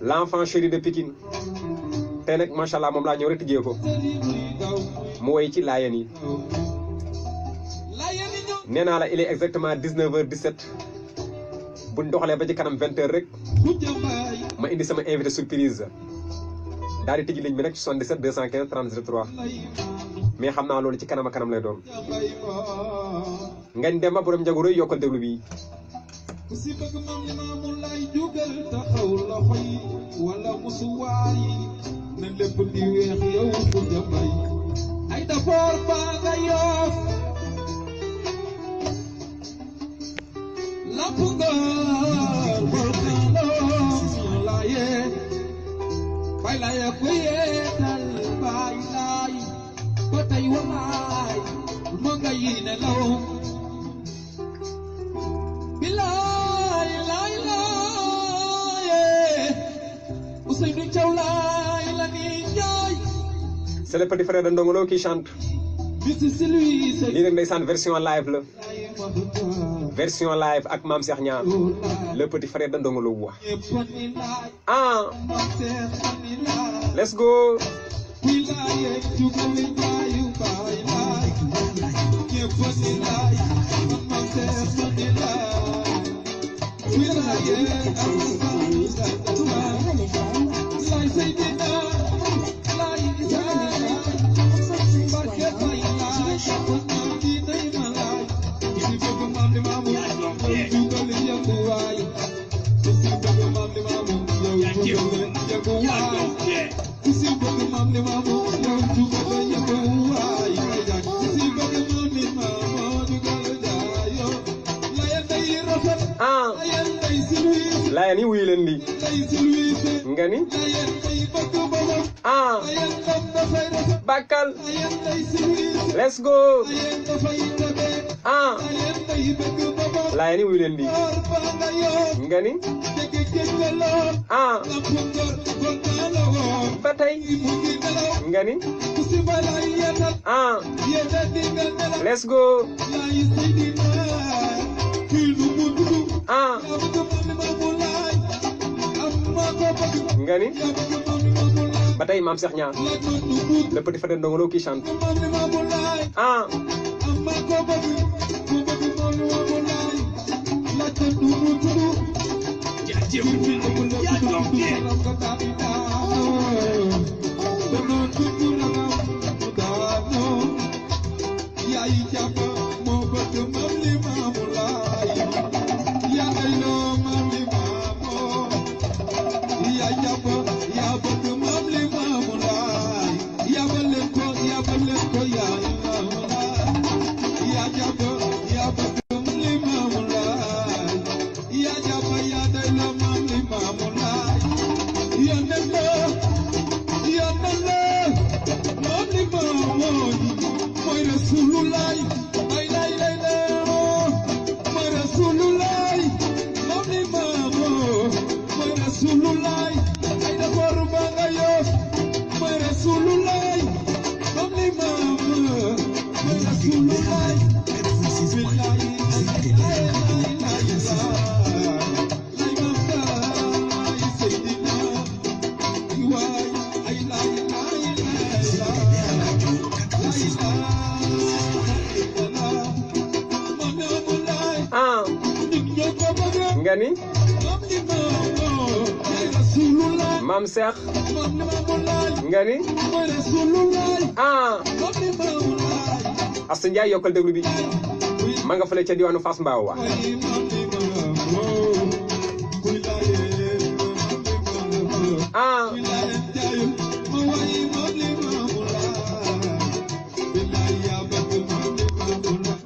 l' enfant de Pikine te nag macha moom laa ñëw rek tijjee ko mu woy ci laayeen yi nee naa la il est exactement 19h17 bu ñu doxalee ba ci kanam 20 rek ma indi sama invité surprise daal di tijji ligne bi nag 77 215 30 03 mais xam naa loolu ci kanam kanam lay doon. ngañ dem ba borom njagu rëy yokkal déglu bii. ku si bëgg maam Limaamu Laay jógal taxaw loxo yi wala musuwaar yi na lépp di weex yow ku jambay ay dafoor baa nga yoof lamp nga bol kaaloo laayee bay laayee ku yeetal bay laay ba tey walaay ma nga yi ne law C'est le petit frère de Ndongolo qui chante. lii nag ndeysaan version live version live ak mam Cheikh oh, le petit frère de Ndongolo eh, ah let's go eh, ah. laa ni wuyu leen di. nga ni. ah bakkal let's go ah laay ni nga ni ah ba batay mam Cheikh Niang le petit frère de Ndongo Lo chante ah Ya you nga mam maam ngani ah Asta Njaay yokal deglu bi ma nga fele ci diwanu fas mbaw wa ah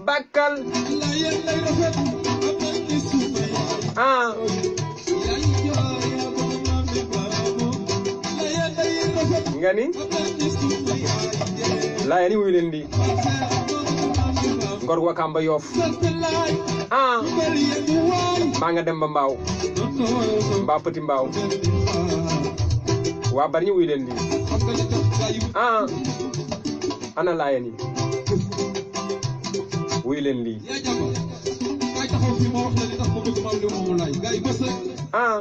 Bakal. layani layani wuy leen lii ngor wakamba yoof ah maa nga dem ba mbaaw mbaa petit mbaaw waa bari ñu wuy ah ana layani wuy leen lii ah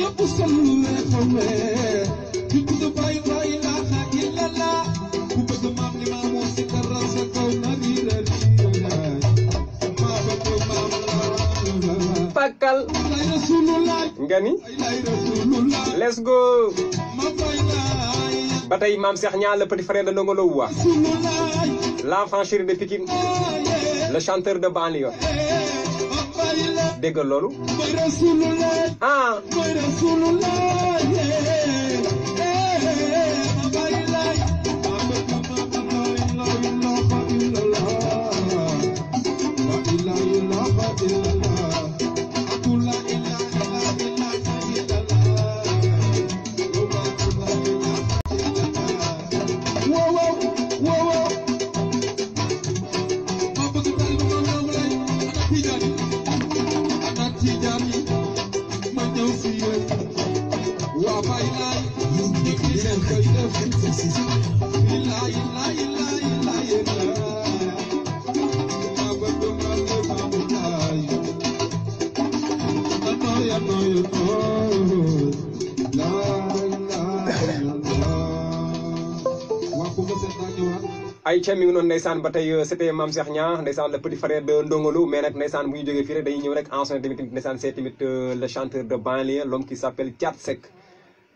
ñëpp sëlluwe xawwe ku bëgg baay laa ba go ba maam Cheikh Niang le petit frère de Ndongo de Pikine oh, le chanteur de banlieue eh, eh, eh. déggal loolu ah ay ca mi ngi noonu euh, c'était Mame Cheikh Niang ndeysaan le petit frère de Ndongo mais nag ndeysaan bu ñu jógee rek dañuy ñëw rek tamit c'est tamit euh, le chanteur de banlieue l'homme qui s'appelle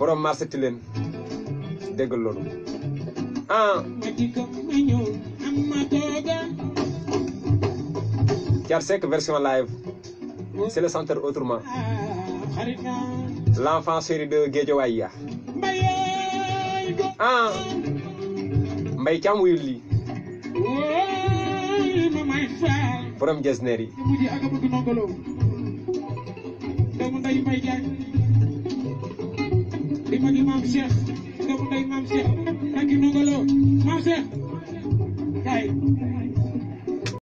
borom marché ti leen déggal loolu ah Thiat Seck version live c'est le centre autrement l'enfant chéri de Guédiawaye ya ah mbay cam wuyul lii borom jesneer yi di magi maam Cheikh doomu ndey maam Cheikh ak i nongolo maam Cheikh kaay